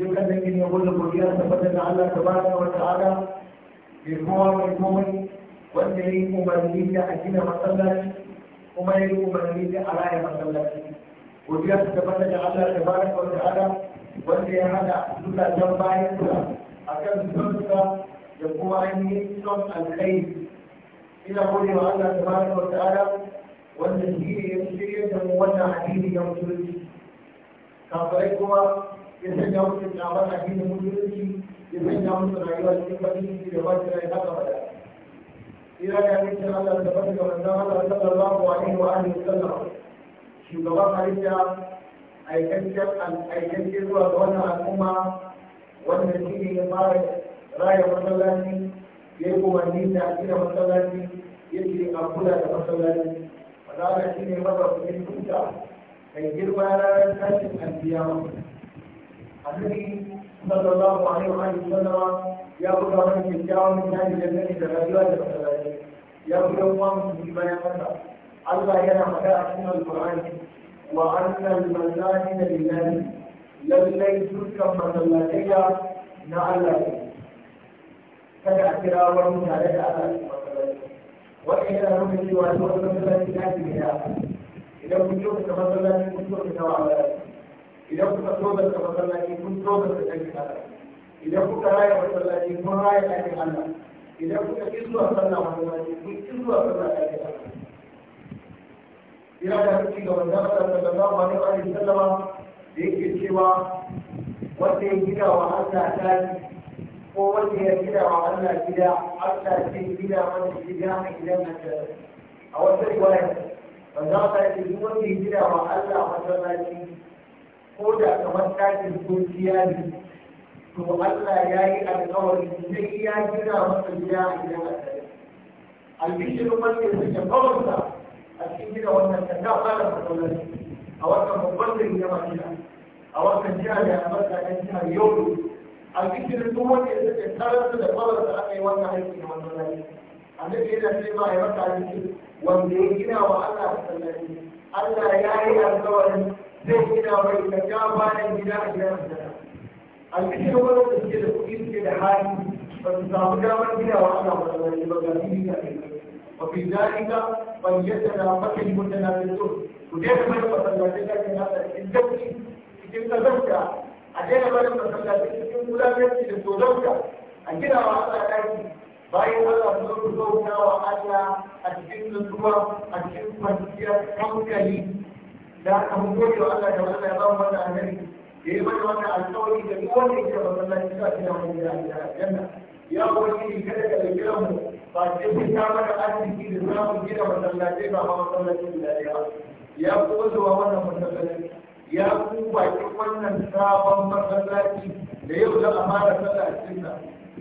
dukkanin yin yabo da godiya tabbata da Allah tabaraka wa ta'ala mai kowa mai komai wanda ya yi umarni da a gina masallaci kuma ya yi umarni da a raya masallaci godiya ta tabbata da Allah tabaraka wa ta'ala wanda ya hada zukatan bayansa a kan zuwansa da kuma ainihin son alkhairi ina gode wa Allah tabaraka wa ta'ala wanda shi ne ya shirya da mu wannan addini na musulunci kafirai kuma ya sanya musu kyawar addinin musulunci ya sanya musu rayuwa cikin farin ciki da ba shi rai haka ba da ira ga yake Allah da tabbata ga manzon Allah sallallahu alaihi wa alihi wasallam shugaban halitta aikakken aikakken zuwa ga wannan al'umma wanda shine ya fara raya masallaci ya yi umarni da akira masallaci ya ce a kula da masallaci fadala shi ne mazaɓin tuta kai girma ranar tashin alkiyama النبي صلى الله عليه وسلم وسلم يأخذ من الشعر من هذه الجنة تغيرات الخلائق يأخذ في من بيانها الله ينعم كأحسن القرآن وأن المساجد لله للي تذكر مسلاتي نعلم kada a kira wani tare da Allah su سوى wani yana nufin cewa duk wani masallaci na ke da idan kun yi wata masallaci kun yi wata tawa Allah idan kuka tozarta masallaci kun tozarta ɗakin Allah idan kuka raya masallaci kun raya ɗakin Allah idan kuka ƙi zuwa sallah masallaci kun ƙi zuwa sallah ɗakin Allah ina da haƙƙi ga wanda Allah sallallahu alaihi wa sallama da yake cewa wanda ya gida wa Allah tashi ko wanda ya gida wa Allah gida Allah zai gina mana gida a gidan Allah a wata riwaya wanda Allah ya yi duk wanda ya gida wa Allah masallaci ko da kamar tashin zuciya ne to Allah ya yi alkawari sai ya gina masa gida a gidan asali albishirin wanda ya suke bawansa a cikin gida wannan ta ta fara matsalolin a wannan babban gari gina Madina a wannan jiha da Amurka ɗan jihar Yobe albishirin duk wanda ya suke tarar da bawansa aka yi wannan aiki na wannan rani annabi da sai ma ya masa albishir wanda ya gina wa Allah masallaci Allah ya yi alkawarin zai gina wa da ta bayan gida a gidan sana alƙashin wani da suke da kuɗi suke da hali ba su samu damar gida wa ana wani ba ga fili da kai ba fi zalika ban yadda na makin mutane da su ku daina mai masallaci da kan nasa cikin dauki cikin kazanta a daina mai masallaci cikin wulaƙanci da tsoronka a gina wa ana ɗaki bayan Allah su zo ku zauna wa Allah a cikin nutsuwa a cikin kwanciyar hankali da aka mun gode wa Allah da wannan ya ba mu wannan annabi da ya bada wannan alƙawari da duk wanda yake masallaci sa shi da wani gida a aljanna ya ubangiji kada ka kira mu ba sai kun ta mana arziki da za mu gina masallaci ba ma masallaci guda ɗaya ya kuma zuwa wannan masallaci ya ku bakin wannan sabon masallaci da yau da amara sallah a cikin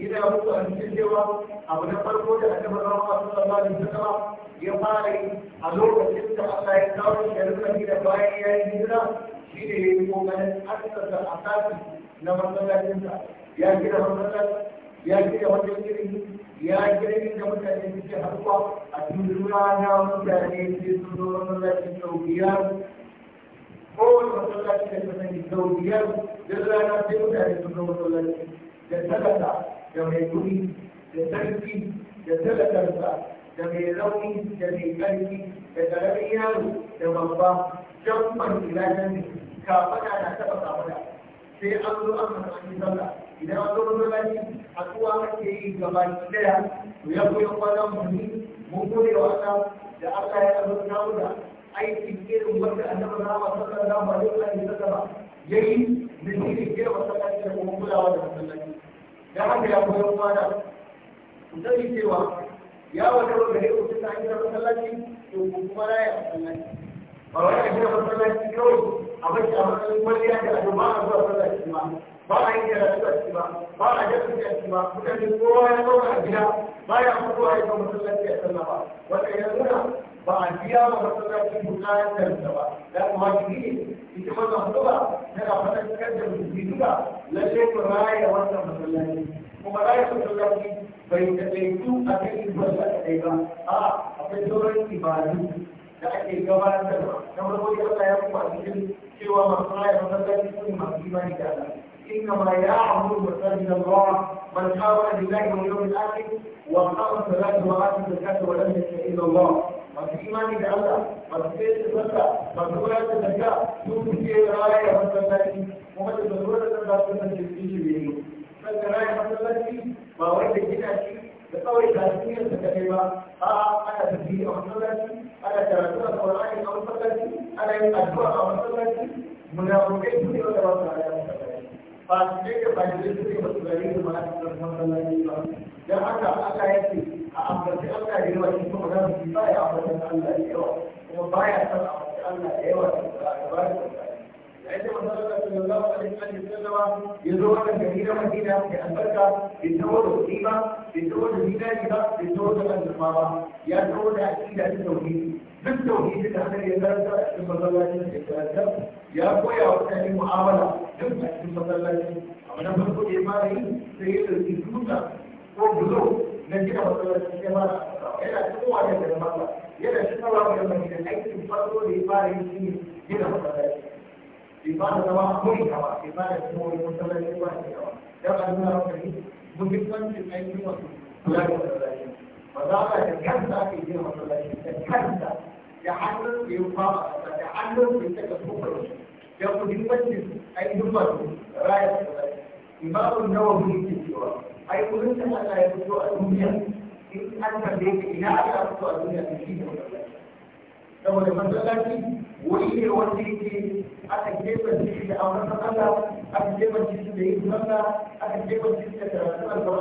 yana muku a cikin cewa abu na farko da aka fara wa sallallahu alaihi wasallam ya fara yi a lokacin da Allah ya kawo shi da bayan ya yi hijira shi ne ya yi kokarin asasa asasi na masallacinsa ya gina masallaci ya gina wajen ya gina inda mutane suke haɗuwa a cikin na mutane sai sun zo masallacin sau biyar kowane masallaci da kasance sau biyar duk rana sai mutane zo masallaci da da mai kuɗi da sarki da talatarsa, da mai rauni da mai ƙarfi da ƙaramin yaro da babba can ban ila can ne kafaɗa na taɓa kafaɗa sai an zo an hana an yi sallah idan an zo masallaci a tuwa ake yi gaba ɗaya to ya koyan kwana muni mun gode wa Allah da Allah ya azurta mu da aikin irin wanda annabi Muhammad sallallahu alaihi wa sallam yayi da shi ne ke masallaci da kuma kulawa da masallaci da haka ya koyar mata ku sani cewa ya wata wanda ya kusa ta hanyar masallaci to kuma na ya masallaci ba wani ya gina masallaci kawai a da a matsayin wani ya ga ba a zuwa sallah shi ba ba a yi karatu a ciki ba ba a jasu a ciki ba mutane kowa ya zauna a gida ba ya fito a yi kan masallaci a sallah ba wanda ya nuna ba a biya wa masallaci bukatar da ba da kuma wajibi ne ita wannan hutuba tana fatakar da musulmi duka lalle ku raya wannan masallaci kuma raya masallaci bai taɗaitu a kan ibada kaɗai ba a, akwai sauran ibadu da ake gabatarwa na farko ya Allah ya kuma cikin cewa masu raya masallaci su ne masu imani da Allah إنما يعبد مساجد الله من آمن بالله واليوم الآخر وأقام الصلاة وآتى الزكاة ولم يشرك إلا الله masu imani da Allah masu sai da sassa masu bayar da zakka su suke raya masallaci kuma da zuwa da sallah sun san jirgin shi bai yi sannan raya masallaci ba wanda gina shi da kawai da su yin sa kadai ba a'a ana tafiya a masallaci ana karatu a sauran addu'a a masallaci munafukai su ne wanda ba su haya masallaci ba su ne su ne ba su gari da masallaci ba don haka Allah ya ce a ambaci Allah da yawa shi kuma za su ba ya ambatan Allah da yawa kuma ba ya san ambaci Allah yawa da ba da yayin da masallaci sallallahu alaihi wa ya zo wannan gari na Madina ya albarka bai tawo da kuɗi ba bai tawo da zinari ba bai tawo da azurfa ba ya tawo da aƙida da duk tauhidi da na ya karanta a cikin masallacin da karanta ya koya wa mutane mu'amala duk a cikin masallaci abu na farko da ya fara yi sai ya ɗauki tuta ko bulo na gina masallaci ya fara yana kowa da daga masa yana shigarwa da mai da aikin farko da ya fara yi shine gina masallaci bai fara zama mai hawa bai fara cikin wani masallaci ba ne hawa don a nuna mutane muhimmancin aikin wasu kula da masallaci ba za ka da kanta ke yi masallaci da kanta da hannun da ya fara ba da hannun da ya ka tukar su ya ku dimmanci ainihin masu rayar da rayar imamun nawa mun ke cewa ai kullum ta hana ya fito a duniya in an tambaye ka ina ya fito a duniya da shi saboda masallaci wuri ne wanda yake aka kebance shi da auren masalla aka kebance shi da yin masalla aka kebance shi da karatu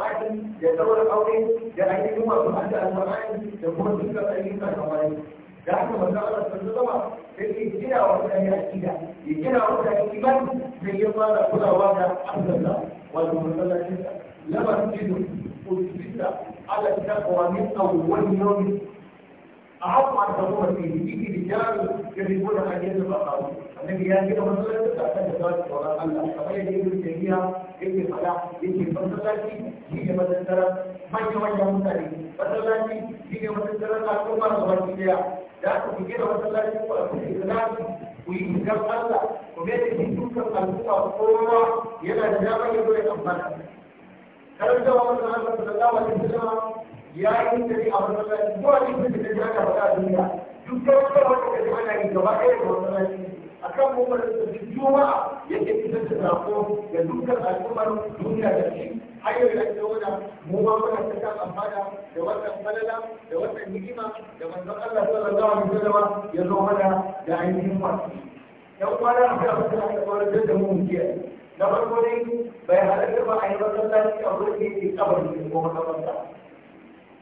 da tsawon aure da yi wasu hadda alqur'ani da kuma dukkan ayyukan alqur'ani da aka manzo Allah sallallahu alaihi wasallam sai ya gina wa mutane aqida ya gina wa mutane imani sai ya fara kulawa da Allah wato masallacin sa lamar jidu ko ala taqwa min awwal yawmin أحط على الضرورة فيه يجي رجال يجربون أن يتبقوا النبي يا كده مثلا تتأكد ذلك ولا أن القضية دي يقول هي يجي الفلاح يجي المسلاتي هي مثلا ترى ما يوجه مثالي مسلاتي هي مثلا ترى تأكل مرة غير كده لأنه في كده مسلاتي وأكل إسلامي ويجي كم الله وبيت في سوق القلوب والقوة يلا الجامعة يقول لك أمبارح كان الجواب مثلا صلى الله عليه وسلم ya yi tafi a masallaci a cikin da ta jaka faɗa a duniya duk da wata wata ka ji ana yi gaba ɗaya da ga masallaci a kan mummar da su ya yake fitar da sako da dukkan al'ummar duniya da shi har yau ya ake wada mu ma muna ta kan amfana da wannan falala da wannan ni'ima da manzon Allah sallallahu alaihi wasallam ya zo mana da ainihin wasu yan kwana a kan mutum aka kwana da mu jiya na farko dai bai halatta ba a yi masallaci a wurin da yake kabari ko makamantar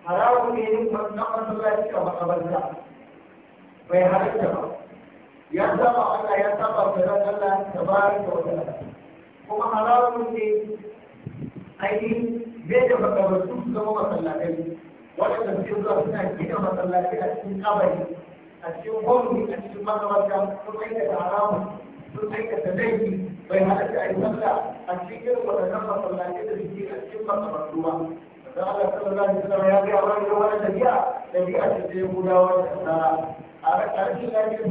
haramun ne yin na masallaci a makabarta bai halatta ba ya saba Allah ya saba kiran Allah da bayan da wata kuma haramun ne ainihin bai da makabartu su zama masallatai waɗanda suke zuwa suna gina masallatai a cikin kabari a cikin gwamnati a cikin makabarta sun aikata haramun sun aikata laifi bai halatta a yi sallah a cikin waɗannan masallatai da suke a cikin makabartu ba dan Allah sallallahu alaihi wasallam ya ga wani wani tafiya ta da ta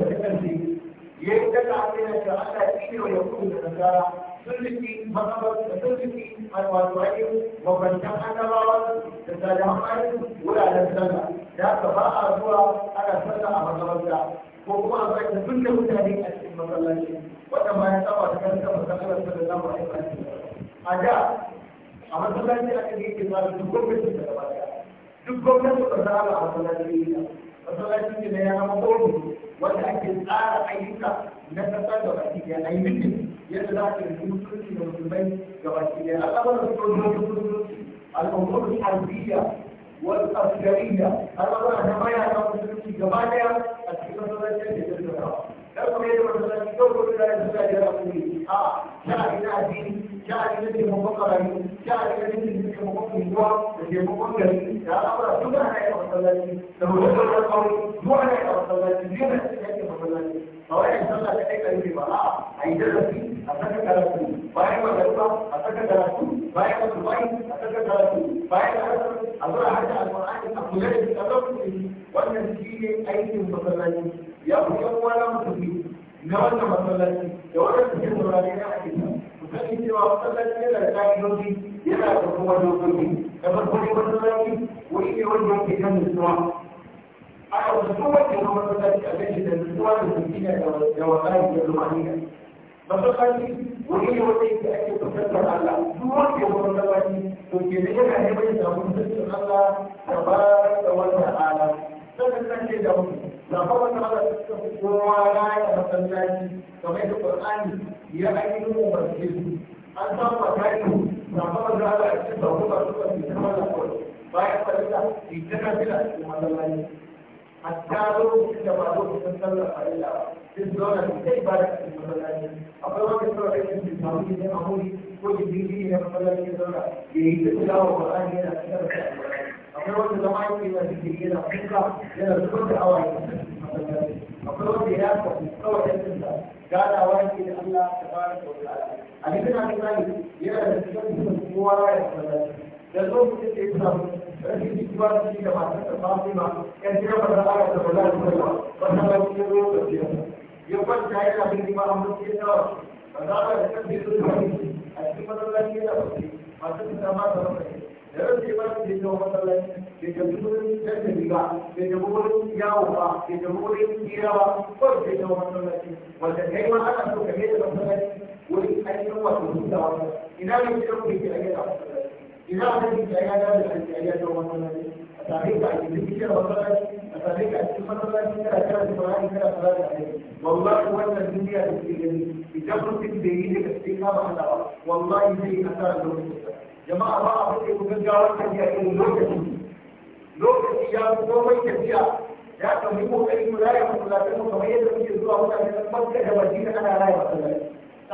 kanci ya yi ta ta'amina ta Allah ya kiro ya kudu da nasara sun riki da sun riki da a zuwa ana sallah a makabarta ko kuma mutane a cikin masallaci wanda ya da kanta da a a da a masallaci a kan yake ba duk gwamnati da gaba duk gwamnati ba za a masallaci ne masallaci ne na yana makobi wanda ake tsara ayyuka na kasar da baki yi ayyukan yadda za ka yi mutunci da musulmai ga baki da al'amuran sojojin mutunci al'amuran harbiya wani asirariya al'amuran na maya na mutunci gaba daya a cikin masallacin da ya zama لو كان مثلا يقول لا يزال يرقي اه جاء الى دين جاء الى مفكر جاء الى مفكر هو الذي مفكر يا امر سبحانه وتعالى لو هو القول معنى وتعالى لما يأتي مثلا kawai in sallah ta kai karfe ba a a yi darasi a saka karatu bayan magariba a saka karatu bayan wasubai a saka karatu bayan asar a zura hada alƙur'ani a kula da shi a lokacin wannan shi ne aikin masallaci ya fi yan uwa mutu musulmi na wannan masallaci da wannan suke saurare na hakika ku sani cewa masallaci yana da ƙa'idoji yana da kuma dokoki da farko ne masallaci wani ne wanda yake kan nutsuwa haka wasu duk wanda ya zama da shi a kan shi da nutsuwa da jikina da da lumaniya masallaci wani ne wani yake ake kusantar Allah duk wanda ya masallaci to ke da yana neman ya samu kusantar Allah da ba da wata ala sannan kan ce da mutum na kawai na ala suka fi kowa raya masallaci kamar yadda Qur'ani ya ainihin umarce su an samu a na kawai Ba ala suka fi kowa raya masallaci bayan masallaci hatta lokacin da ba lokacin sallar farilla ba sun zauna da zai ba da cikin masallaci akwai wani sauran rikin su samu ne na amuri ko jirgin ne na masallaci zauna da yi da tilawa ƙwarani yana cikin da akwai wanda zama yake yana jirgin yana kuka yana zubar da awa yana cikin akwai wanda ya tafi kawai yankin da gadawa yake da Allah ta fara kyauta a cikin hannun yana da cikin kowa ya masallaci da zo mutum da ya samu rashin jituwa da shi da matar da fatima yan jira ba za a ga ba za a yi ba wannan ba shi zo da shi ya kwanta yana bin jima an mutu ya tawa ba za a ga kan bisu da wani a cikin masallaci yana wuce masu fita ma da wani da rashin ba su jita wa masallaci bai tafi wurin tattali ba bai tafi wurin yawo ba bai tafi wurin hira ba ko bai tafi masallaci wanda kai ma ana so ka mai da masallaci wurin ainihin wato hutawa ina ne kuma ke ayyana masallaci ina aka yi da ya dawo da kai ya a tare ka a cikin kira masallaci a tare ka a cikin masallaci kana kira da Qur'ani kana kira da hadisi wallahi wannan duniya da ke gani idan mutum bai yi daga cikin kama Allah ba wallahi zai yi asara lokacin sa jama'a ba a da ku gaggawar tafiya irin lokaci lokaci ya fi komai tafiya ya kan yi kokari mu raya masallaci mu kamar yadda muke zuwa mutane na Makka da Madina ana raya masallaci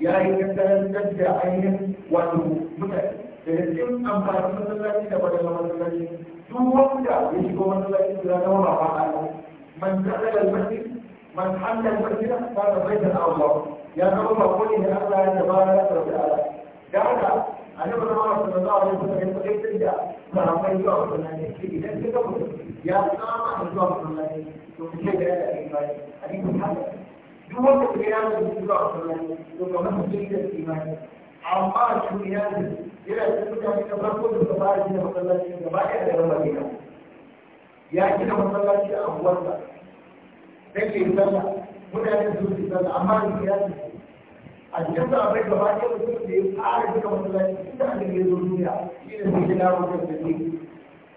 ya yi kasarantar da ainihin wato mutane daga cikin amfanin masallaci da wajen masallaci duk wanda ya shigo masallaci da zama ba ba Allah man kada al-masjid man halla al-masjid fa da baitul Allah ya zama ba ko ne Allah ya tabara da ta'ala da haka annabi Muhammad sallallahu alaihi wasallam ya faɗi da sahabbai zuwa masallaci idan ya mutum ya kama zuwa masallaci to kike da ya da imani a cikin duk wanda ka ya shi ba a sallah to kamar mutum da imani amma shi ya da yana cikin mutane da farko da ka fara gina masallaci gaba ɗaya da rama gina ya gina masallaci a unguwarsa take yi sallah mutane su su sallah amma shi ya da a cikin sa abai gaba ɗaya mutum da ya fara gina masallaci inda aka yi zo shi ne sai gina mutum da ne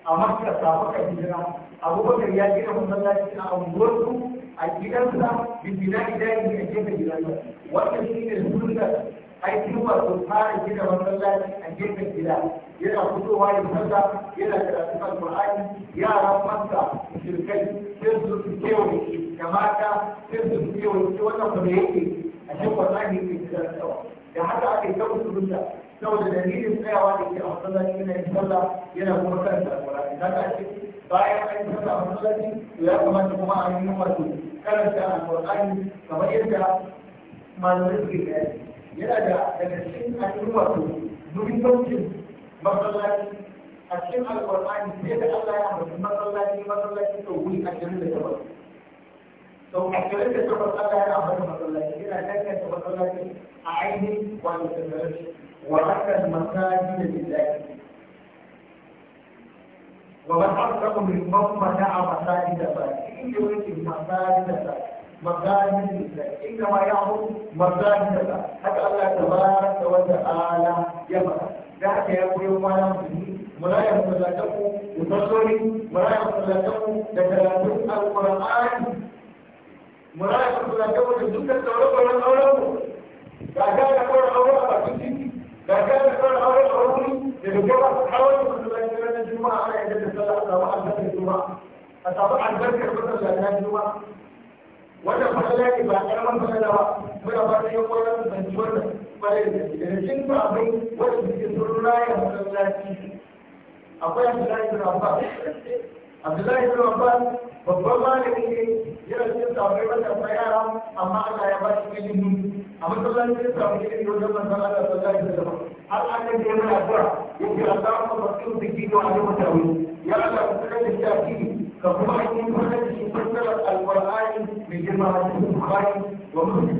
a makka samu ka hijira abubakar ya gina masallaci a unguwarsu a gidansa bibina idani a gefen gidansa wannan shi ne sunnar aikin wato fara gina masallaci a gefen gida yana fitowa ya sallah yana karatun alƙur'ani yaran makka shirkai sai su su kewaye da mata sai su kewaye shi wannan ba da yake a shi wannan ke gidansa da haka ake ta da. saboda dalilin tsayawa da ke a masallaci yana yin sallah yana kuma karanta alƙur'ani za ka ce bayan an yi sallah a masallaci to ya kamata kuma a yi wato karanta a alƙur'ani kamar yadda malamai suke bayani yana da daga cikin ainihin wato muhimmancin masallaci a cikin alƙur'ani sai da Allah ya ambaci masallaci masallaci to a ashirin da takwas to a kare da suka tsada yana bari masallaci yana kare da masallaci a ainihin wani tsirrai wa hakan masaji da billahi wa man asrafa min man a masaji da ba inda yake masaji da ba masaji da billahi in kama ya hu masaji da ba haka Allah tabaraka wa ta'ala ya ba da haka ya koyo mana musulmi مرايا مصلاتكم وتصلي مرايا مصلاتكم لتلاوة القرآن muna ya kuma zaka wata dukkan tsauraron auren mu ga ga da kawai aure a bakin titi ga ga da kawai aure a wani da da gaba kawai da kuma zaka ranar juma'a ana yadda da sallah a ta albarkar juma'a a samu albarkar da na juma'a wannan fasala ne ba karaman da ba muna ba ta yi wannan zanci wannan kwarai da gaske da cikin abin na suke sun raya masallaci akwai hadirai da rabba abdullahi bin abbas babban malami ne yana cikin sabai wata yara amma aka ya ba shi ilimin a masallacin samu ilimin wajen manzon Allah sallallahu alaihi wasallam har an ga da yana addu'a yake Allahumma fasil biki wa alim tawi ya Allah ka tsare da shafi ka kuma yi mana da shi fassarar alqur'ani mai girma a cikin bukhari wa muslim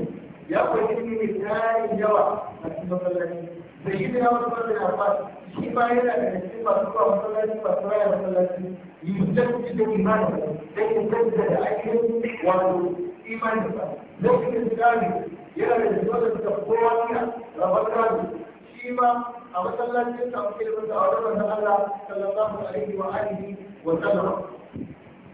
ya koyi ne mai yawa a cikin masallaci da shi da wasu wanda shi ba ya shi ba yana da cikin masu zuwa masallaci masu raya masallaci yuzan ji da iman da inganta da ainihin wato imani ba lokacin da tsari yana da jiwa da suka kowa niya rabar kanu shi ma a masallacin sa muke da wanda a wajen wasu Allah sallallahu alaihi wa alihi wa sallam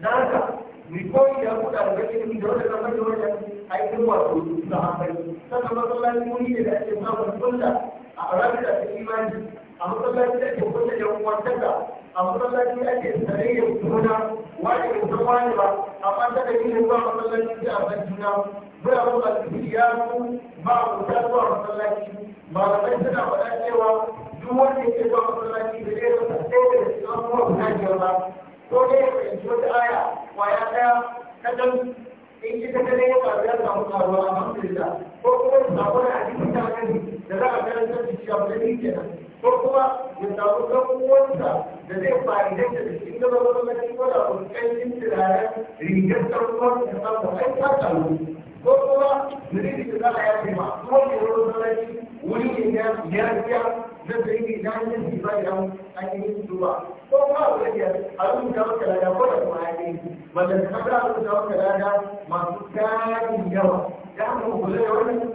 na haka ni koyi da kuɗa da ganin da wanda kamar da wanda aikin wato sahabbai sannan masallacin muni ne da ake samun kulla a rabita da imani a masallaci ake kunna yan uwantaka a masallaci ake da juna wani da san wani ba a ta da yin ruwa masallaci da a san juna muna so su ya su ba a kuta zuwa masallaci malamai suna faɗa cewa duk wanda ke zuwa masallaci da zai rasa ɗaya daga cikin abubuwa guda biyar ba ko dai ya fahimci wata aya kwaya ɗaya kadan in ita kadai ya faru ya samu karuwa alhamdulillah ko kuma ya samu wani hadisi ta gani da za a karantar da shi abu da ni kenan ko kuma ya samu ɗan'uwansa da zai fari da shi gaba gwamnati ko da ƙoƙarin turaren rigar ɗan'uwan da samu kai ta samu ko kuma zuri da za a yafe ma ko ne wani gwamnati wuri ne na yarfiya na zai yi na hanyar jiba idan an yi zuwa ko kuma a wajen a rubuta da lada ko da kuma yaƙi wanda ta kabla a rubuta maka lada masu tarin yawa da kuma kula da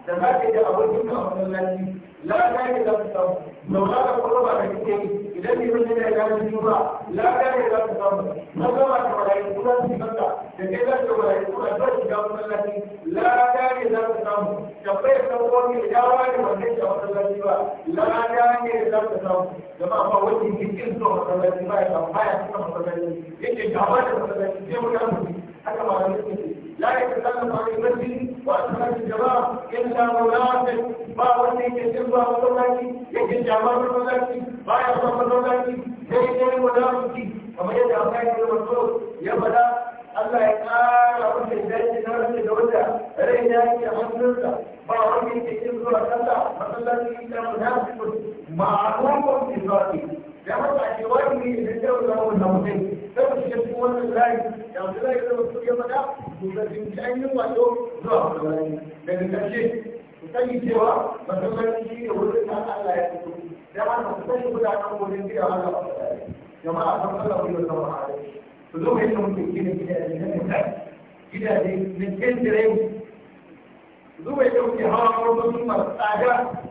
da za ka yi da abokin ka a masallaci la ka za ka samu noma ka kuma ba ka kike idan ne mun yana gane shi ba la ka yi za ka samu na gama da malayi kuma su kanka da ke za ka malayi kuma za ka shiga masallaci la ka yi za ka samu da bai san wani ya ne wanda ya masallaci ba la ka za ka samu zama ba wani jikin zuwa masallaci ba ya samu ba ya suka masallaci yake gaba da masallaci sai mu ya mutu haka ba zai kace la ya ta kan ba ne bari wa ta kan jaba in da mulafi ba wani ke jin ba ko laki ke jin jama'a ko laki ba ya ba ko laki sai ne mulafi kamar yadda aka yi da wato ya bada Allah ya kara wani dace na wani da wanda rai da yake hannunsa ba wani ke jin zuwa kansa masallaci ta mulafi ma'a ko kuma da haka ne wani ne idan yau zama wanda mutum sai ku shiga cikin wannan layi da wanda layi zama su ya fada ku ga jinci an wato zuwa wani layi daga ƙarshe ku sani cewa masallaci shi ne wurin da Allah ya fito da haka ku sani ku da kan wurin gida wanda ba su jama'a san Allah ku yi wa zama a ku zo mai yin mutum gina gidaje na mutum gidaje na kyan dirai ku zo mai hawa ko sun masu tsada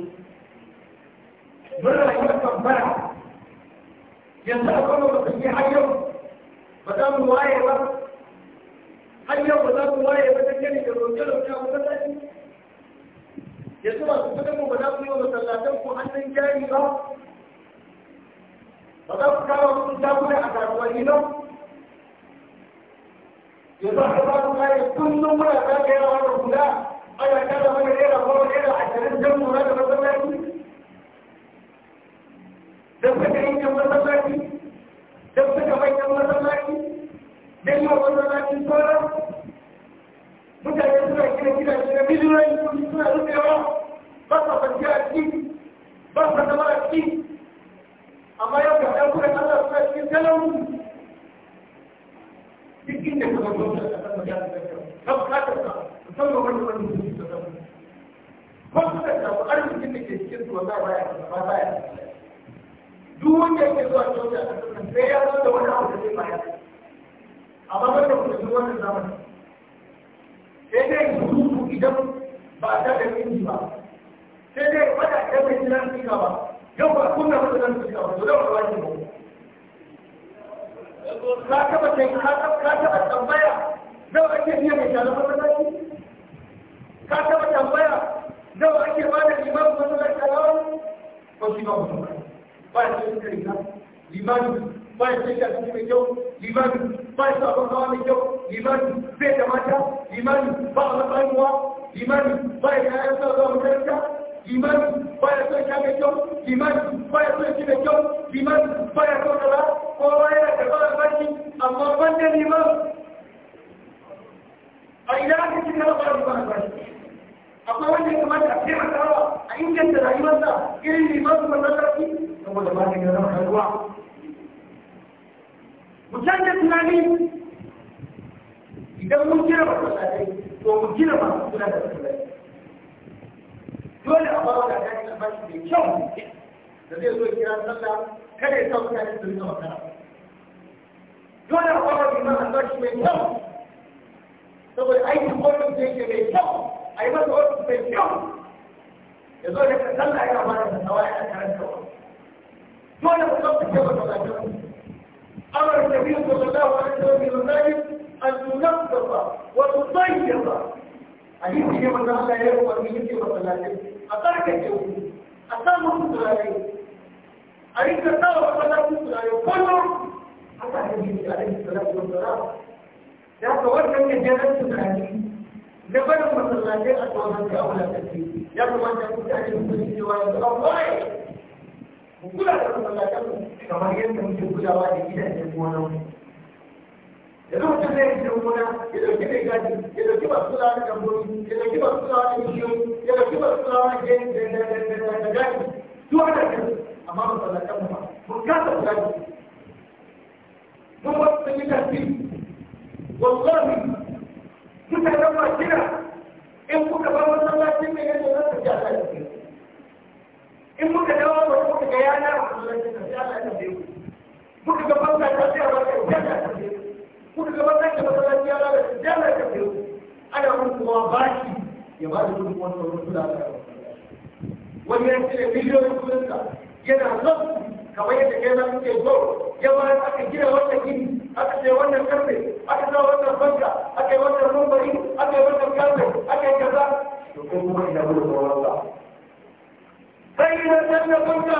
muna yi tambaya yanzu a kano ba su yi har yau ba za mu waye ba har yau ba za mu waye ba ta gani da roƙe roƙe a masallaci yanzu masu kudin mu ba za ku yi wa masallatan ku hannun jari ba ba za ku kama musu dakuna a kasuwanni ba yanzu a ba ku kare kullum muna zagayawa da kula ana kada mana naira goma naira ashirin don lura da masallaci don saka yankin masallaci don saka manyan masallaci don yawan masallacin sauran mutane suna gina gidaje na miliyoyin kudi suna rufewa ba sa kwanciya ciki ba sa zama a ciki amma yau ga ɗan kudin Allah suna cikin talauci duk inda ka zama gwamnati a ƙasar da ta bukatar ka musamman wani wani mutum da zama ko suka samu arzikin da ke cikin su wanda baya ba baya duk wanda yake zuwa coci a ƙasar sai ya zo da wani abu da zai bayar amma ban da kuma duk wannan zamani sai dai surutu idan ba a da inji ba sai dai fada idan bai jira sika ba yau ba kunna masa zan sika ba to da wani ba ka taba ka taba tambaya nawa ake biya mai shanar masallaci ka taba tambaya nawa ake ba da limamin masallaci a yawan ko shi ba mutum ba ya sai riga limani ba ya sai kasu mai kyau limani ba ya sabon hawa mai kyau limani bai da mata limani ba a matsayinwa limani ba ya yayan sa zuwa makaranta limani ba ya son ya mai kyau limani ba ya son shi mai kyau limani ba ya son kaza kowa yana karɓar albashi amma ban da limani a ina aka ci karɓar albashi akwai wanda ya kamata a taimakawa a inganta rayuwarsa irin liman su wannan sarki saboda ba ne ran rayuwa mu canza tunani idan mun gina ba kusadai to mu gina ba kula da kusadai dole a ba da kai albashi mai kyau da zai zo kira sallah kada ya sa mutane su rika makara dole a ba da liman albashi mai kyau saboda aikin gwamnati da yake mai kyau a yi masa wasu mai kyau ya zo da sallah ya ba da tsawa yana karantarwa دون بالضبط كما تذكرون امر النبي صلى الله عليه وسلم بالمساجد ان تنظف وتطيب حديث كما الله يروى من يمكن مسلاته اقرك الجوم اقام مصر عليه عليك الثوره فلا مصر عليه كله حتى النبي عليه الصلاه والسلام يا توجه من جنات الحديث لبنوا مسلاته اطول من اولى تكفير يا كما تقول تحديث الجوائز الله kula da masallatan kamar yadda muke kulawa da gidajen gonan yanzu mutum zai yi gona ya dauki mai gadi ya dauki masu kula da kamfani ya dauki masu kula da bishiyoyi ya dauki masu kulawa da da gadi duk ana kan amma masallatan ba mun kasa kula da mun ba su yi tafi wallahi mutanen ba kira in kuka ba masallacin ne yadda za su ta a in muka dawo ba masallacin ka sai kuka ga banza ta sai Allah ya tambaye ku kuka ga banza ta masallaci ya lalace sai Allah ya tambaye ku ana mun kuma bashi ya ba da duk wannan wurin kula da wani ya ce miliyoyin kudin sa yana son kamar yadda kai na kuke so ya bayan aka gina wannan gini aka sai wannan karfe aka sa wannan banka aka yi wannan rumbari aka yi wannan karfe aka yi kaza to kuma ina gudun ruwan sa sai na san da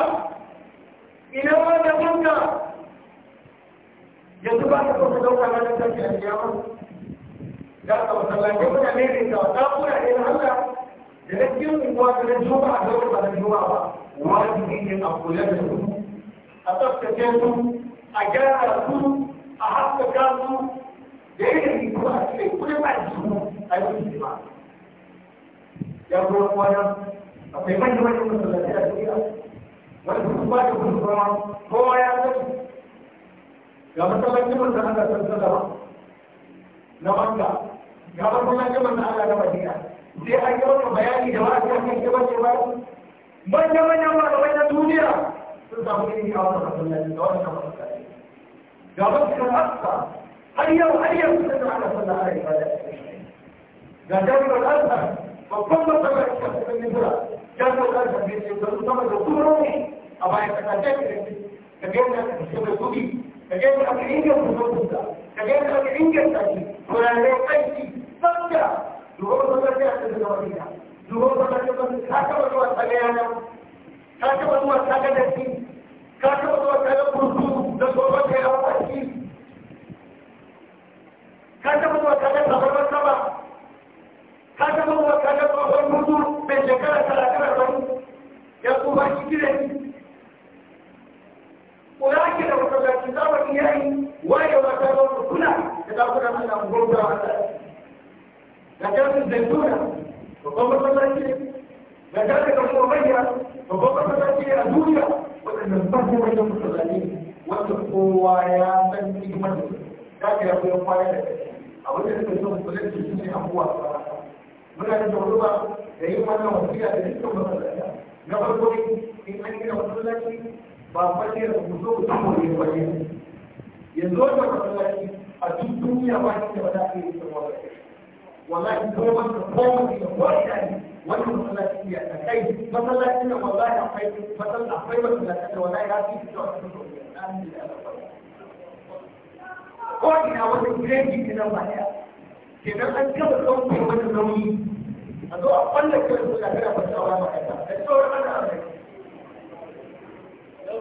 ina wanda kunka yanzu ba ka kuma dauka ranar tafi a kiyama za ka masallaci kuna ne ne ta ta kuna da na Allah da na cikin unguwa da na juma a gaban ba na juma ba wajibi ne a kula da su a tsaftace su a gyara su a haskaka su da yanayi kuma a cikin kudin ba da su a yi su ba ya kuma kwana akwai manyan manyan masallaci a duniya wani sun ba da kun kuma kowa ya sani ga masallacin mun da Allah sun sallama na Makka ga masallacin mun da Allah na Madina sai an yi maka bayani da wa'azi akan kibace ba manyan manyan malamai na duniya sun samu ilimi a wannan masallaci ga wannan masallaci ga masjidin Aqsa har yau har yau sun da Allah sallallahu alaihi da sallam ga Jami'ar al babban masallaci a cikin Misra dan dokar da bai ce don sama da ne a bayan kasashen kirki ka ga yadda aka fito da kuɗi ka ga yadda aka inganta lokuta ka ga yadda aka inganta shi wuraren aiki tsafta duba wasu zafi a cikin zama ita duba wasu zafi wasu ka taɓa zuwa tsaga yana ka taɓa zuwa tsaga da shi ka taɓa zuwa tsaga kurtu da tsoron da ya hau a shi ka taɓa zuwa tsaga tsaga sama ka ga mawa ka ga babban mutu mai shekara talatin arba'in ya kuma shi gidan ko ya ke da masallaci za mu iya yi wayewa ta ba kula da za ku da mana gurga wata da gasin zaituna babban masallaci da gasin da kuma manya babban masallaci a duniya waɗannan babban manyan masallaci wanda kowa ya san kimar da ya kuma kwaya da abin da suka yi wa musulunci shi ne muna da ba da yin wannan wasiya da dukkan masallaci na farko in an gina masallaci ba fashe da ku zo ku samu ne ba ya zo da masallaci a duk duniya ba shi da ba za a yi yin wasa wallahi ko wanda ko wanda ya wanda ne wani masallaci ya ta kai masallaci da wallahi akwai masallaci akwai masallaci da wallahi ya fi fitowa da su ko ina wani gidan gidan ba ya kenan an gaba ɗaukar wani nauyi a zo a kwalla kai su lafiya ba ta wa ma'aika da tsawon ana amai a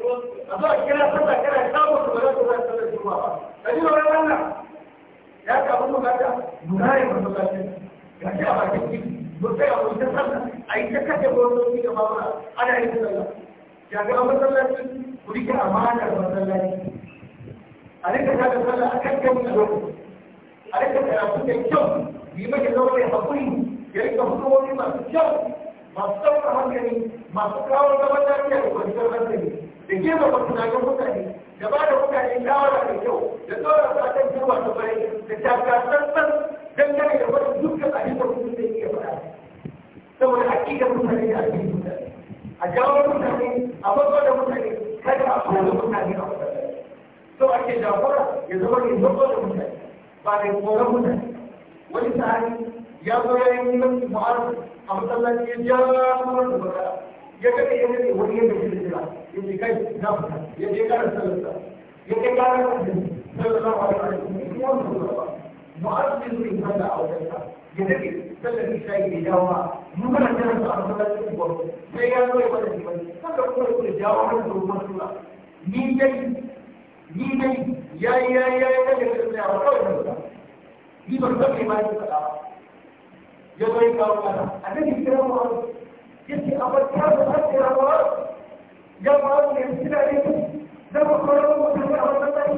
zo a kira sallah kana samun su ba za su zai sallar juma'a ba ka ji wani wannan ya kamu bukata nuna ya masallacin ga shi a bakin ciki mutai a wuce sallah a yi ta kashe gwamnati da mamura ana yin sallah ya ga masallaci ku rike amanar masallaci a rika ta da sallah a kan kan lokaci a rika karatu da kyau yi mashi zaune hakuri ya rika hukumomi masu kyau masu ɗaukar hankali masu kawo zaman lafiya da kwanciyar hankali da girmama tunanin mutane da ba da mutane shawara da kyau da tsora fatan girma ta bari da takasantar dangane da wani dukkan abin da mutum zai iya faɗa saboda hakikar mutane da ake mutane a jawo mutane a farko da mutane kada a kula da mutane a wadanda so ake jagora ya zama ne farko da mutane ba da tsoron mutane wani sahabi ya zo ya yi mafi mu'arzu a masallaci ya ja sauran da baka ya kada ya nade wani yadda shi da jira ya ce kai na fita ya je kara sallarsa ya kai kara sallarsa sallarsa a yi wani ba mu'arzu ya zo ya fada a wajensa ya nade sallar isha ya jawo ma mu kana jiran sa a masallacin gwamnati sai ya zo ya fada shi wani kuma ya jawo wani da ruwan sura ni dai நீங்கள் جب ہوتا ہے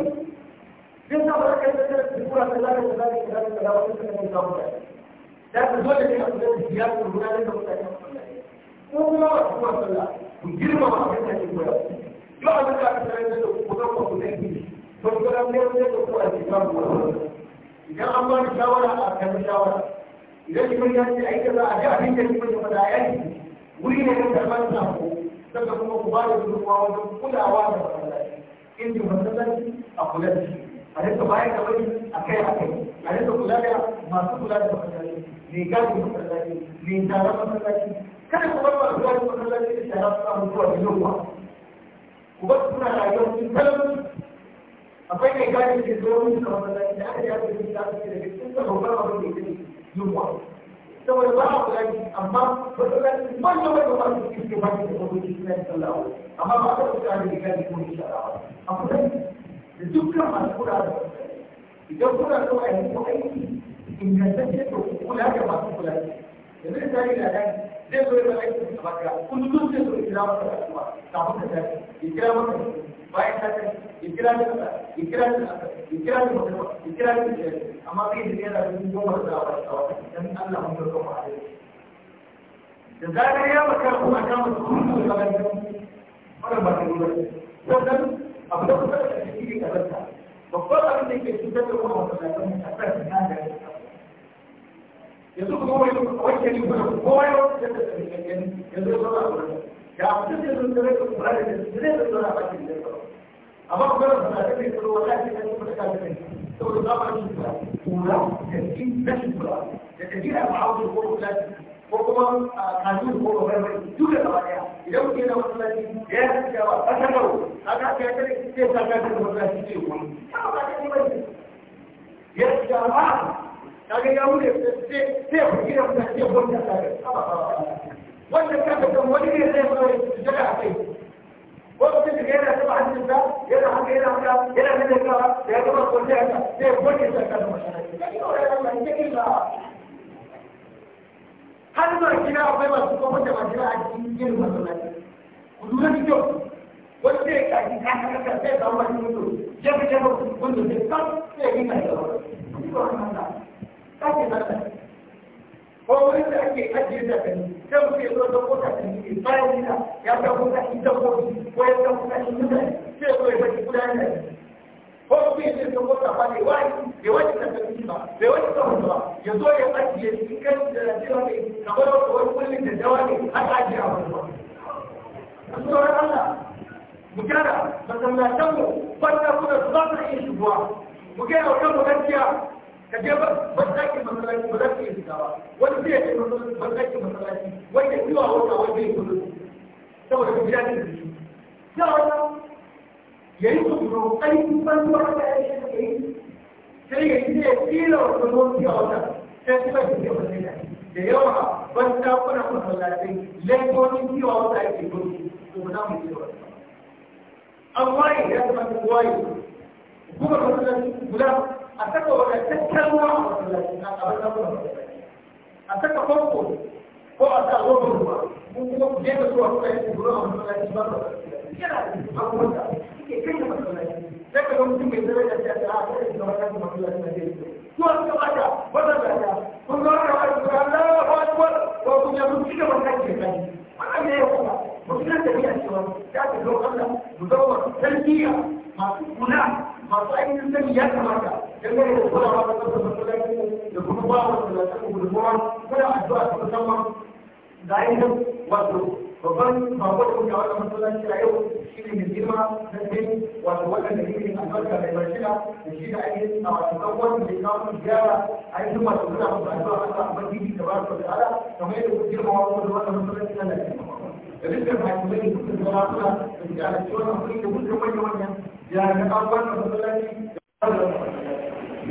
duk abin da aka tare da ku zan ku ne ki to kuma ne ne ku a cikin wannan idan an shawara a shawara idan ya ce ai kaza a ga abin da faɗa wuri ne karban kuma ku wajen kulawa da a kula da shi a a kai a kai a kula da masu kula da kada ku bar masu gadi masallaci da taron samun zuwa da yunwa ku ba suna rayuwar cikin talabci akwai mai gane ke zuwa mun kama da da aka yi abin da aka ce daga cikin sa babban abin da ya ce yunwa saboda ba a kula da amma ba su gani wanda wanda ba su cikin ba su da kwamfuti suna da sallawa amma ba ta kusa da gani ko insha Allah a kusa da dukkan masu kula da idan kuna so a yi aiki ingantaccen da kula da masu kula da yanzu da tarihi da zai so ya aiki a baka kun duk zai so ya kira maka kasuwa kafin ka tashi ya kira maka bayan ka tashi ya kira da kasa ya kira da kasa ya kira da mutum ya kira da amma kai da yana da goma da zawa da zawa dan Allah mun ga kuma da zarar ya maka kuma ka masa kun da zaga da wannan ba ta gura wannan abu da kusa da shi ne ka babban abin da ke cutar da kuma wannan da da ta kan ta yanzu kuma wani wanke ne kuma kowa ya wanke da yanzu ya zama wani da abin da yanzu da kuma da ne zai zama a bakin da yawa amma kuma da suna da kai kuma wata ce kan kuma da kai saboda za mu shi kula kula da shi da shi kula da kaji da ma'aunin ko kula ko kuma kanu ko kuma mai duka gaba daya idan mutum yana wasu lafi da ya fi cewa ta ta kawo ta ka ta ne sai ta ka ta kuma ta ce kuma ba ta ne ba ne ya fi cewa kaga ya wuce sai sai ku gina mutum sai gwamna tare wannan kaga kan wani ne zai fara daga akai ko mutum da yana taba hannun sa yana haka yana haka yana nan da da ya gama kwanta haka sai ya gwamna sa kan masharaci kaga yau ya zama ita illa akwai masu kofar da masu a cikin gina masallaci ku lura da kyau wani zai kaji kakan kan sai samu wani mutum jabi jabi wanda zai kan sai ya gina da wani ɗauki masa ko wurin da ake ajiye da kan sai mutum ya zo da kota kan yi bayan ya ga kuka shi ko ya ga kuka shi sai ko ya baki gudanar da shi ko mutum ya ce da kota ba bai wani bai wani da kan ba bai wani da ba ya zo ya ajiye shi kan da rajina ne kamar wata wani kullum da dawa ne har a wani ba. Sunan Allah mu gyara masallatanmu wanda kuna za su iya shigowa mu gyara wa kanmu gaskiya ka je ba ba za ki masallaci ba za ki yi ba wani zai yi masallaci ba za ki masallaci wani ya zuwa wata wani zai yi masallaci saboda ku biya ne shi ya wata ya yi su kuma kai kun ban zuwa ka ya yi shi yi sai ya yi zai tsira wa kuma a wata sai kuma ya yi masallaci da yawa ban ta kuna masallaci laifofin kiwa wata ake gudu to ba za mu yi da wata an ya zama waye kuma masallaci guda a saka wadataccen ruwa a masallaci a ƙabar ruwa a saka famfo ko a sa roba ruwa mun kuma ku je zuwa kuka yi kuburu a masallaci ba ba yana da abubuwan da suke kai da masallaci sai ka ga mutum mai zama da ta ta a kai da wannan masallaci na zai zuwa suka bata wannan da ta kun ga ka wani kuma Allah ba ku ko kun ya mun cika wannan ke kai wannan ne ya kuma mutum na tafiya cewa ya ta zo Allah mu zama tarbiyya masu kula masu ainihin sani ya kamata إنه يقول على مدرسة السلام يكون بعض الثلاثين والجمعة ولا أجواء تتسمى دائما وأسره babban babban da wata masallaci a yau shi ne mai girma na cikin wato wannan da yake albarka mai barcina da shi da ake a wato dan wani mai kawo ziyara a yi zuwa da wani abu da zuwa Allah a bangiji da ba su da ala kamar yadda ku girma wa wanda wannan masallaci na lafiya da dukkan hakimai da dukkan sarakuna da ke alaƙi wannan kuri da dukkan manya-manyan ya ga kawo wannan masallaci da wannan masallaci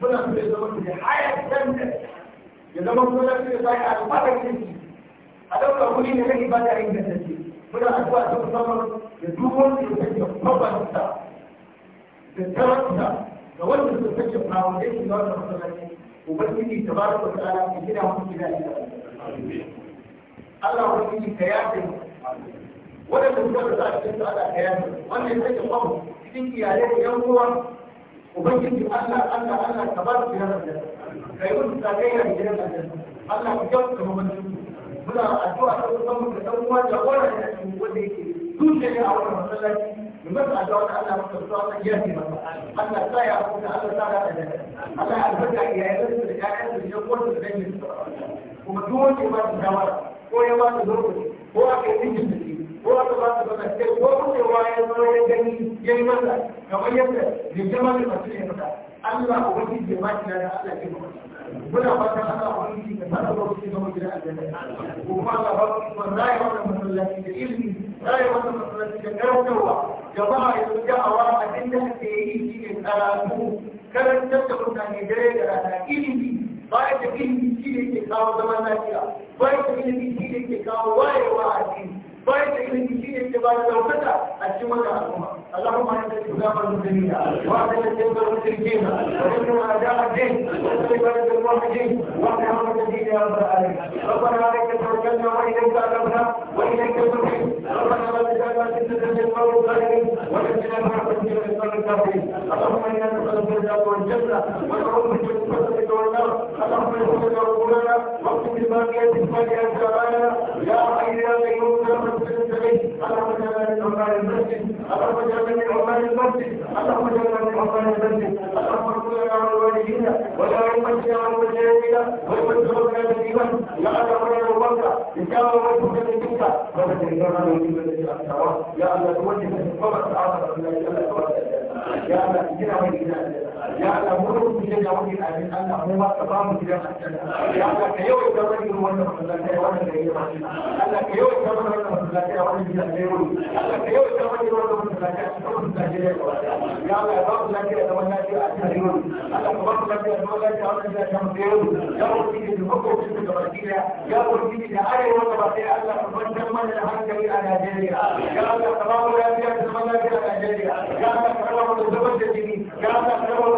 muna so ya zama da hayar danta ya zama kuma su ya zaka alfadar kinki a ɗauka kuɗi ne na ibada ce, muna addu'a ta musamman da duk wanda ya sanya mabanta da taranta ga wanda su sanya foundation da wanda masallaci ubangiji tabaraka wa ta'ala ya gina musu gida ita Allah Wani ubangiji ka yafe wanda suka rasa cikin su Allah ka yafe wannan sai ya kwamu cikin iyalai da yan uwa ubangiji Allah Allah Allah ka ba su gidan aljanna kai mun ta kai ga gidan aljanna Allah ku jawo ka mun muna addu'a ta musamman ka dan uwa da wannan da cikin wanda yake dukkan ya aure masallaci mu masa addu'a ta Allah maka zuwa ta ya yi masa Allah ta ya ku ta Allah ta da aljanna Allah ya albarka ya yi ƴaƴan da ya kwanta da dangin kuma duk wanda ya ba su dama ko ya ba su lokaci ko aka yi jinjin هو الله تبارك هو كل رواية رواية جميل جميلة كما يبدأ لجمال المسلمين الله وجد جماعتنا على جماعتنا muna fatan ana ubangiji da mana lokaci ga mu gida aljanna kuma Allah ba ku kuma rayi wannan masallaci da ilimi rayi wannan masallaci da karantarwa jama'a yanzu da'awa abin da ake yi shine karatu karantar da mutane dare da rana ilimi bayan da ilimi shine ke kawo zaman lafiya bayan da ilimi shine ke kawo wayewa a cikin bayan da ilimi shi ne ke ba da ɗaukaka a cikin wannan al'umma اللهم انت الاسلام والمسلمين واعطنا الاسلام والمشركين وانصر اعداء الدين وانصر بلد الموحدين واعطنا عمل الدين يا رب العالمين ربنا عليك توكلنا واليك اعلمنا واليك المصير ربنا لا تجعلنا فتنه للقوم الظالمين ونجنا مع من الشر الكافرين اللهم انا نسالك الرضا والجنه ونعوذ بك من سخطك والنار اللهم اغفر ربنا واغفر لباقيات الفاجئه انت يا حي يا قيوم يا رب العالمين اللهم انا نسالك المسجد اللهم اجعلنا من عمال المسجد اللهم اجعلنا من عمال المسجد اللهم اغفر عن الوالدين ولا يمسي عن المجاهدين ويمسرون بالإيمان يا الله يا ربك إن كان وجهك من تلك فبتجعلنا من الذي أحسنوا يا الله توجه الصبر على رسول الله صلى الله عليه وسلم يا الله اجعلنا من ya Allah mu da mu gidan da muke mu ma ka mu gidan ya Allah ka yau da wani wannan masallaci ya wannan da da wani wannan masallaci ya wannan gidan da ya Allah ka yau da wani wannan masallaci ya wannan da ya ya Allah ba mu lafiya da a cikin yau Allah ka ba mu lafiya da wannan lafiya a wannan da ya mu yau ya wani da mako cikin da bakiya ya wani da arewa da bakiya Allah ka bantar mana da hankali a Najeriya ya Allah ka ba mu lafiya da wannan lafiya a Najeriya ya Allah ka ba mu da zubar da jini ya Allah ka ba mu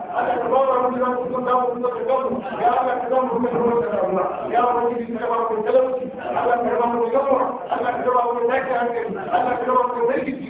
Allah ka ba mu da ku san da mu da ku ya wani